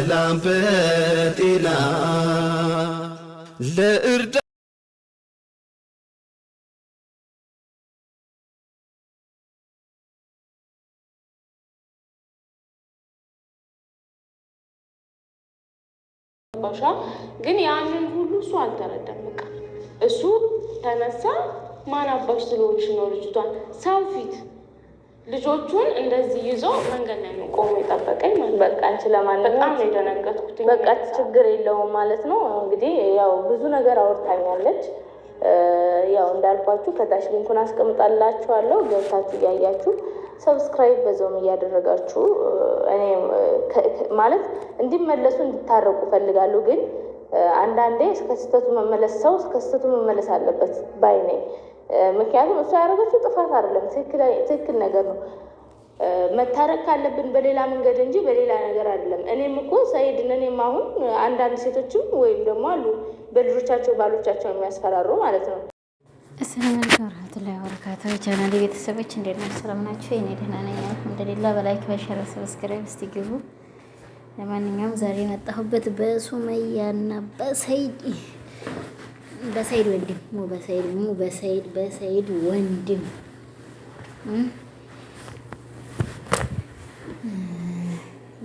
በሰላም በጤና ለእርዳ ባሻ ግን ያንን ሁሉ እሱ አልተረዳም። በቃ እሱ ተነሳ። ማን አባሽ ስለሆንሽ ነው ልጅቷን ሰው ፊት ልጆቹን እንደዚህ ይዞ መንገድ ላይ ነው ቆሞ የጠበቀኝ። በቃ አንቺ ለማንኛውም የደነገጥኩት በቃ ችግር የለውም ማለት ነው። እንግዲህ ያው ብዙ ነገር አውርታኛለች። ያው እንዳልኳችሁ ከታች ሊንኩን አስቀምጣላችኋለሁ ገብታችሁ እያያችሁ ሰብስክራይብ በዛውም እያደረጋችሁ እኔ ማለት እንዲመለሱ እንዲታረቁ እፈልጋለሁ። ግን አንዳንዴ እስከ ስህተቱ መመለስ ሰው እስከ ስህተቱ መመለስ አለበት ባይ ነኝ። ምክንያቱም እሷ ያደረገችው ጥፋት አይደለም፣ ትክክል ነገር ነው። መታረቅ ካለብን በሌላ መንገድ እንጂ በሌላ ነገር አይደለም። እኔም እኮ ሰይድን እኔም አሁን አንዳንድ ሴቶችም ወይም ደግሞ አሉ በልጆቻቸው ባሎቻቸው የሚያስፈራሩ ማለት ነው። አሰላሙ አለይኩም ወራህመቱላሂ ወበረካቱህ። ቻናል ቤተሰቦች እንዴት ናችሁ? ሰላም ናችሁ? እኔ ደህና ነኝ አልሐምዱሊላህ። በላይክ በሸር ሰብስክራይብ እስቲ ግቡ። ለማንኛውም ዛሬ የመጣሁበት በሱመያና በሰይድ በሰይድ ወንድም ሙ በሰይድ ሙ በሰይድ በሰይድ ወንድም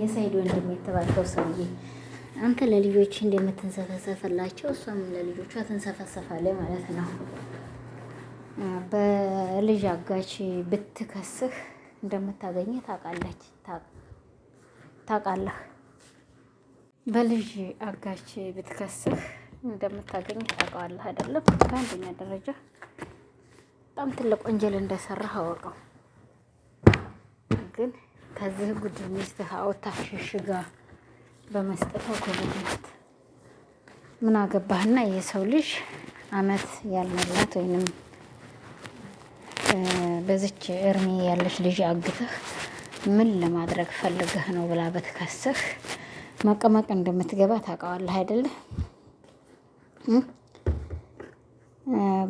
የሰይድ ወንድም የተባለው ሰውዬ አንተ ለልጆች እንደምትንሰፈሰፈላቸው እሷም ለልጆቿ ትንሰፈሰፋለ ማለት ነው። በልጅ አጋች ብትከስህ እንደምታገኘ ታውቃለች ታውቃለህ። በልጅ አጋች ብትከስህ እንደምታገኝ ታውቀዋለህ አይደለም? በአንደኛ ደረጃ በጣም ትልቅ ወንጀል እንደሰራህ አወቀው። ግን ከዚህ ጉድ ሚስትህ አውታ ሽሽጋ በመስጠቷ ጎበዝ ምን አገባህና የሰው ልጅ አመት ያልመላት ወይንም በዚች እርሜ ያለች ልጅ አግተህ ምን ለማድረግ ፈልገህ ነው ብላ በትከስህ መቀመቅ እንደምትገባ ታውቀዋለህ አይደለ?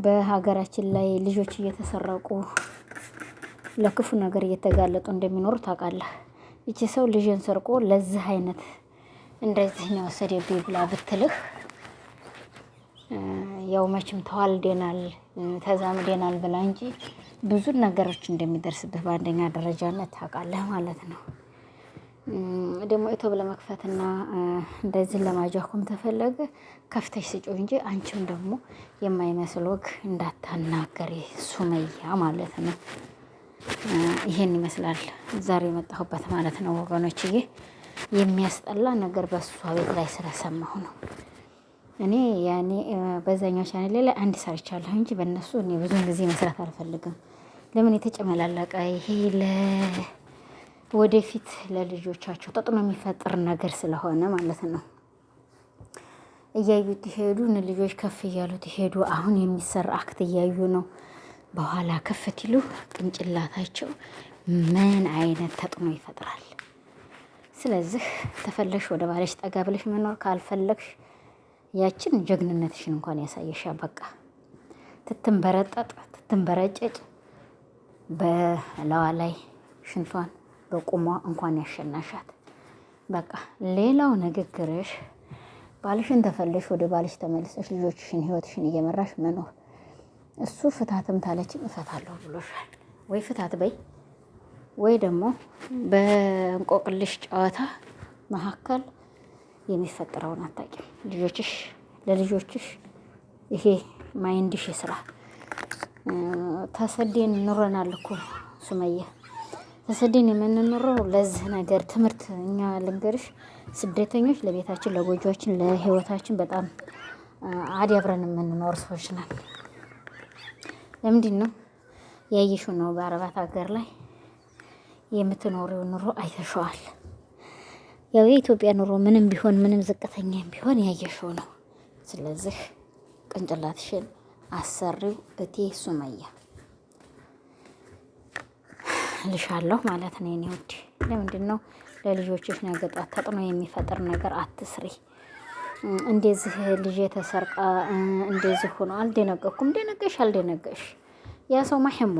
በሀገራችን ላይ ልጆች እየተሰረቁ ለክፉ ነገር እየተጋለጡ እንደሚኖሩ ታውቃለህ። ይቺ ሰው ልጅን ሰርቆ ለዚህ አይነት እንደዚህ ነው የወሰደብኝ ብላ ብትልህ ያው መቼም ተዋልደናል ተዛምደናል ብላ እንጂ ብዙ ነገሮች እንደሚደርስብህ በአንደኛ ደረጃነት ታውቃለህ ማለት ነው። ደግሞ ኢትዮብ ለመክፈትና እንደዚህ ለማጃኩም ተፈለገ ከፍተሽ ስጮ እንጂ አንቺም ደግሞ የማይመስል ወግ እንዳታናገሪ ሱመያ ማለት ነው። ይሄን ይመስላል ዛሬ የመጣሁበት ማለት ነው ወገኖችዬ። የሚያስጠላ ነገር በሷ ቤት ላይ ስለሰማሁ ነው። እኔ ያኔ በዛኛው ቻናል ላይ አንድ ሰርቻለሁ እንጂ በእነሱ እኔ ብዙን ጊዜ መስራት አልፈልግም። ለምን የተጨመላለቀ ይሄ ወደፊት ለልጆቻቸው ተጥኖ የሚፈጥር ነገር ስለሆነ ማለት ነው። እያዩ ትሄዱ ልጆች ከፍ እያሉ ትሄዱ። አሁን የሚሰራ አክት እያዩ ነው። በኋላ ከፍ ትሉ ቅንጭላታቸው ምን አይነት ተጥኖ ይፈጥራል። ስለዚህ ተፈለግሽ ወደ ባለሽ ጠጋ ብለሽ መኖር ካልፈለግሽ ያችን ጀግንነትሽን እንኳን ያሳየሽ በቃ ትትንበረጠጥ ትትንበረጨጭ በላዋ ላይ ሽንቷን በቁሟ እንኳን ያሸናሻት። በቃ ሌላው ንግግርሽ ባልሽን ተፈልሽ ወደ ባልሽ ተመልሰሽ ልጆችሽን ህይወትሽን እየመራሽ መኖር። እሱ ፍታትም ታለች እፈታለሁ ብሎሻል። ወይ ፍታት በይ ወይ ደግሞ በእንቆቅልሽ ጨዋታ መካከል የሚፈጠረውን አታውቂም። ልጆችሽ ለልጆችሽ ይሄ ማይንድሽ ስራ ተሰዴን ኑረናል እኮ ሱመያ በስደት የምንኖረው ለዚህ ነገር ትምህርት እኛ ልንገርሽ፣ ስደተኞች ለቤታችን፣ ለጎጆችን፣ ለህይወታችን በጣም አዳብረን የምንኖር ሰዎች ነን። ለምንድን ነው ያየሽው ነው በአረባት ሀገር ላይ የምትኖረው ኑሮ አይተሸዋል። ያው የኢትዮጵያ ኑሮ ምንም ቢሆን ምንም ዝቅተኛ ቢሆን ያየሽው ነው። ስለዚህ ቅንጭላትሽን አሰሪው እቴ ሱመያ ልሻለሁ ማለት ነው። እኔ ውድ ለምንድን ነው ለልጆችሽ ነገ ጧት ተጥኖ የሚፈጥር ነገር አትስሪ። እንደዚህ ልጄ ተሰርቃ እንደዚህ ሆኖ አልደነገኩም። ደነገሽ አልደነገሽ ያ ሰው ማሕሙ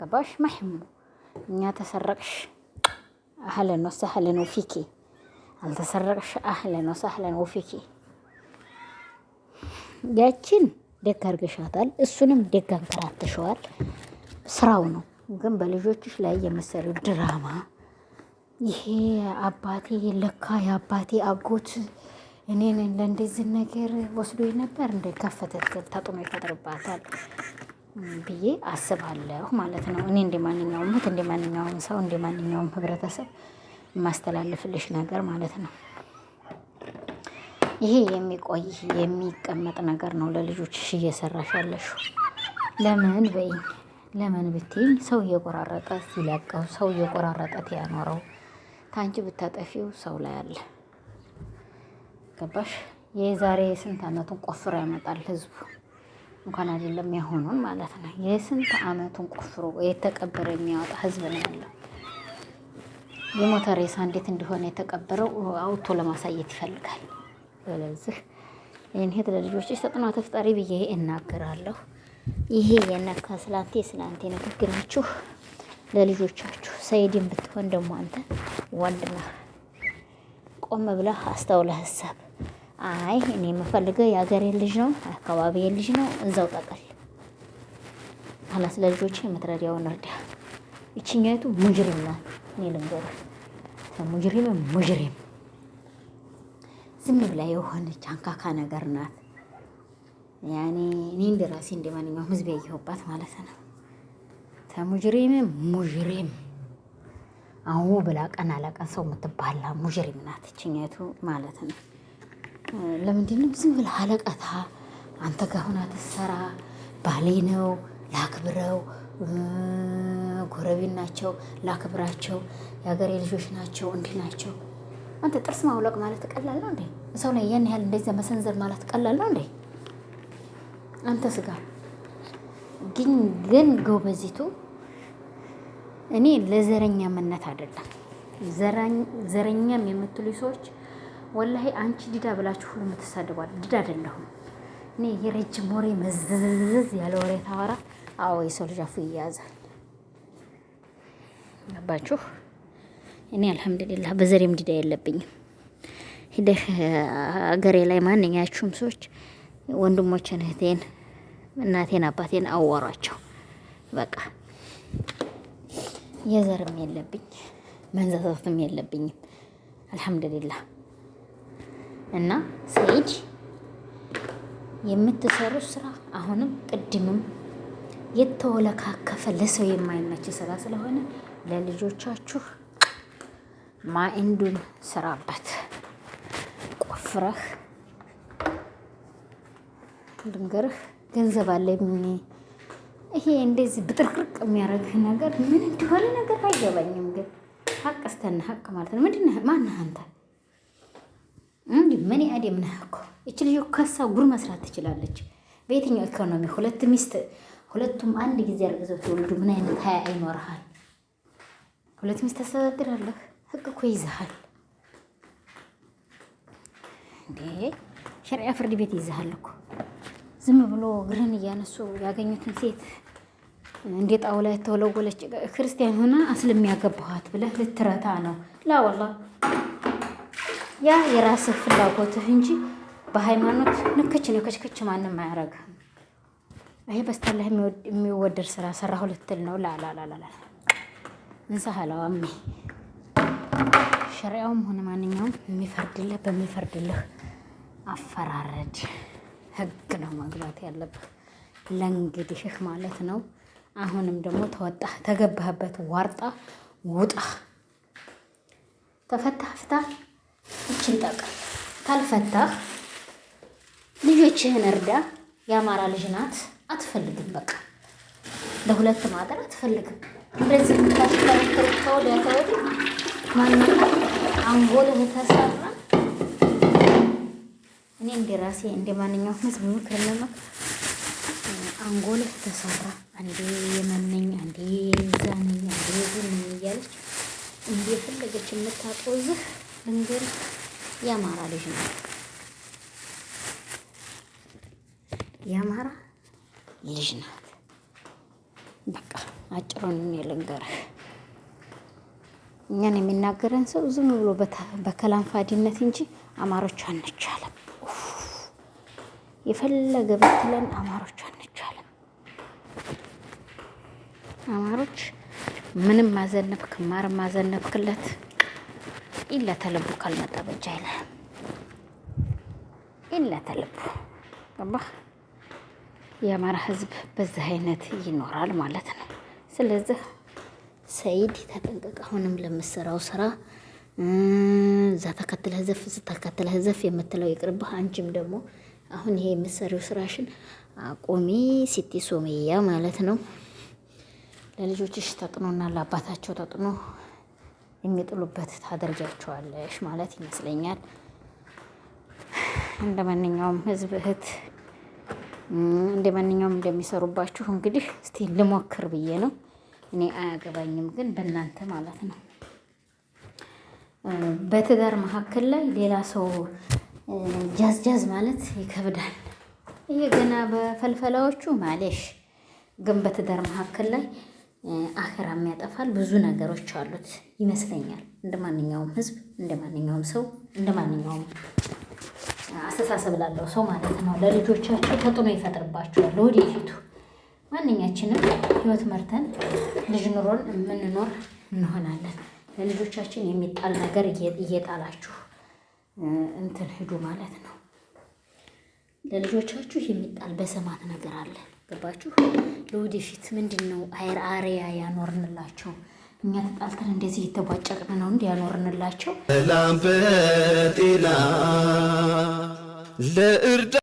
ገባሽ ማሕሙ እኛ ተሰረቅሽ አህለን ወሰህለን ወፊኪ አልተሰረቅሽ አህለን ወሰህለን ወፊኪ። ያችን ደግ አርገሻታል፣ እሱንም ደግ አንከራትሸዋል። ስራው ነው። ግን በልጆችሽ ላይ የመሰለው ድራማ ይሄ አባቴ ለካ የአባቴ አጎት እኔን ለእንደዚህ ነገር ወስዶ ነበር እንደ ከፈተትል ተጥሞ ይፈጥርባታል ብዬ አስባለሁ ማለት ነው። እኔ እንደ ማንኛውም እህት፣ እንደ ማንኛውም ሰው፣ እንደ ማንኛውም ህብረተሰብ የማስተላልፍልሽ ነገር ማለት ነው። ይሄ የሚቆይ የሚቀመጥ ነገር ነው። ለልጆችሽ እየሰራሽ ያለሽው ለምን በይ ለምን ብትይኝ ሰው እየቆራረጠ ሲለቀው ሰው እየቆራረጠ ያኖረው ታንቺ ብታጠፊው ሰው ላይ አለ። ገባሽ? የዛሬ የስንት አመቱን ቆፍሮ ያመጣል ህዝቡ እንኳን አይደለም ያሆኑን ማለት ነው። የስንት አመቱን ቆፍሮ የተቀበረ የሚያወጣ ህዝብ ነው ያለው። የሞተ ሬሳ እንዴት እንደሆነ የተቀበረው አውቶ ለማሳየት ይፈልጋል። ስለዚህ ይህን ሄት ለልጆች ተጥኖ ተፍጣሪ ብዬ እናገራለሁ። ይሄ የነካ ስላንቴ ስላንቴ ንግግራችሁ ለልጆቻችሁ። ሰይድን ብትሆን ደሞ አንተ ወንድ ነህ፣ ቆም ብለህ አስተውለህ ሀሳብ አይ እኔ የምፈልገው የሀገሬን ልጅ ነው፣ አካባቢዬን ልጅ ነው። እዛው ጠቀል አላስ ለልጆች የምትረዳውን እርዳ። ይችኛይቱ ሙጅሪም ናት። እኔ ልንገር ሙጅሪም ሙጅሪም ዝም ብላ የሆነች አንካካ ነገር ናት። ያኔ እኔ እንደ ራሴ እንደ ማንኛውም ህዝብ ያየሁባት ማለት ነው። ተሙጅሪም ሙጅሪም አዎ ብላ ቀን አላቀን ሰው የምትባላ ሙጅሪም ናት ችኛቱ ማለት ነው። ለምንድን ዝም ብላ አለቀታ አንተ ጋር ሁና ትሰራ? ባሌ ነው ላክብረው፣ ጎረቤት ናቸው ላክብራቸው፣ የሀገሬ ልጆች ናቸው እንዲህ ናቸው። አንተ ጥርስ ማውለቅ ማለት ቀላል ነው እንዴ? ሰው ላይ ያን ያህል እንደዚያ መሰንዘር ማለት ቀላል ነው እንዴ? አንተ ስጋ ግን ግን ጎበዚቱ እኔ መነት አይደለም ዘረኛም የምትሉ ሰዎች ወላሂ አንቺ ዲዳ ብላችሁ ሁሉ የምትሳደቧል። ዲዳ አይደለሁም እኔ የረጅም ወሬ መዝዝዝ ያለ ወሬ ታወራ። አዎ የሰው ልጅ አፉ ይያዛል። ገባችሁ? እኔ አልሐምዱሊላህ በዘሬም ዲዳ የለብኝም። ሂደህ አገሬ ላይ ማንኛችሁም ሰዎች ወንድሞችን፣ እህቴን፣ እናቴን፣ አባቴን አዋሯቸው። በቃ የዘርም የለብኝ መንዘዛትም የለብኝም። አልሐምዱሊላህ እና ሰኢድ የምትሰሩት ስራ አሁንም ቅድምም የተወለካከፈ ለሰው የማይመች ስራ ስለሆነ ለልጆቻችሁ ማእንዱን ስራበት ቆፍረህ ልንገርህ፣ ገንዘብ አለ አለኝ ይሄ እንደዚህ ብጥርቅርቅ የሚያደርግህ ነገር ምን እንደሆነ ነገር አይገባኝም። ግን ሀቅ ስተና ሀቅ ማለት ነው። ምንድን ነህ? ማነህ አንተ? ምን ያዴ ምነህ እኮ እች ልጅ ከሳ ጉር መስራት ትችላለች። በየትኛው ኢኮኖሚ ሁለት ሚስት ሁለቱም አንድ ጊዜ አርግዘው ተወልዱ፣ ምን አይነት ሀያ አይኖርሃል? ሁለት ሚስት ታስተዳድራለህ። ህግ እኮ ይዘሃል እንዴ፣ ሸሪያ ፍርድ ቤት ይዘሃል እኮ ዝም ብሎ እግርን እያነሱ ያገኙትን ሴት እንደ ጣውላ የተወለወለች ክርስቲያን ሆና አስልም ያገባኋት ብለህ ልትረታ ነው። ላወላ ያ የራስህ ፍላጎትህ እንጂ በሃይማኖት ንክች ንክችክች ማንም አያረግህም። ይሄ በስተላህ የሚወደድ ስራ ሰራሁ ልትል ነው። ላላላላ እንሳሃላው አሜ ሸሪያውም ሆነ ማንኛውም የሚፈርድልህ በሚፈርድልህ አፈራረድ ህግ ነው መግባት ያለብህ ለእንግዲህ ማለት ነው። አሁንም ደግሞ ተወጣ ተገባህበት ዋርጣ ውጣ ተፈታህ ፍታ እችን ጠቅ ካልፈታህ ልጆችህን እርዳ። የአማራ ልጅ ናት አትፈልግም። በቃ ለሁለት ማጠር አትፈልግም። እንደዚህ ምታሽከረክር ከወዲያ ማንነ ማንም አንጎልህ ተሰራ እኔ እንደ ራሴ እንደ ማንኛውም ህዝብ ምክር መመክ አንጎልህ ተሰራ አንዴ የመነኝ አንዴ ዛነኝ አንዴ ዝነኝ እያለች እንደፈለገች የምታጦዝህ ልንገር የአማራ ልጅ ነው። የአማራ ልጅ ናት። በቃ አጭሩን ልንገርህ እኛን የሚናገረን ሰው ዝም ብሎ በከላንፋዲነት እንጂ አማሮቿን አንቻለም። የፈለገ ብትለን አማሮች አንቻልም። አማሮች ምንም ማዘነብክ ማር ማዘነብክለት ኢላ ተልቡ ካልመጣ በጃ ይላል። ኢላ ተልቡ ገባህ? የአማራ ህዝብ በዚህ አይነት ይኖራል ማለት ነው። ስለዚህ ሰይድ ተጠንቀቅ። አሁንም ለምሰራው ስራ እዛ ተከትለህ ዘፍ ተከትለህ ዘፍ የምትለው ይቅርብህ። አንቺም ደግሞ አሁን ይሄ የምትሰሪው ስራሽን አቆሚ ሲቲ ሶሜያ ማለት ነው። ለልጆችሽ ተጥኖና ለአባታቸው ተጥኖ የሚጥሉበት ታደርጃቸዋለሽ ማለት ይመስለኛል። እንደ ማንኛውም ህዝብ እህት እንደ ማንኛውም እንደሚሰሩባችሁ እንግዲህ እስቲ ልሞክር ብዬ ነው። እኔ አያገባኝም፣ ግን በእናንተ ማለት ነው በትዳር መካከል ላይ ሌላ ሰው ጃዝ ጃዝ ማለት ይከብዳል። ገና በፈልፈላዎቹ ማሌሽ ግን በትዳር መካከል ላይ አኸራም ያጠፋል ብዙ ነገሮች አሉት ይመስለኛል። እንደ ማንኛውም ህዝብ፣ እንደ ማንኛውም ሰው፣ እንደ ማንኛውም አስተሳሰብ ላለው ሰው ማለት ነው። ለልጆቻቸው ተጥኖ ይፈጥርባቸዋል። ለወደፊቱ ማንኛችንም ህይወት መርተን ልጅ ኑሮን የምንኖር እንሆናለን። ለልጆቻችን የሚጣል ነገር እየጣላችሁ እንትን ሂዱ ማለት ነው። ለልጆቻችሁ የሚጣል በሰማት ነገር አለ። ገባችሁ? ለወደፊት ምንድን ነው አይር አሪያ ያኖርንላቸው። እኛ ተጣልተን እንደዚህ የተቧጨቅን ነው እንዲ ያኖርንላቸው ለእርዳ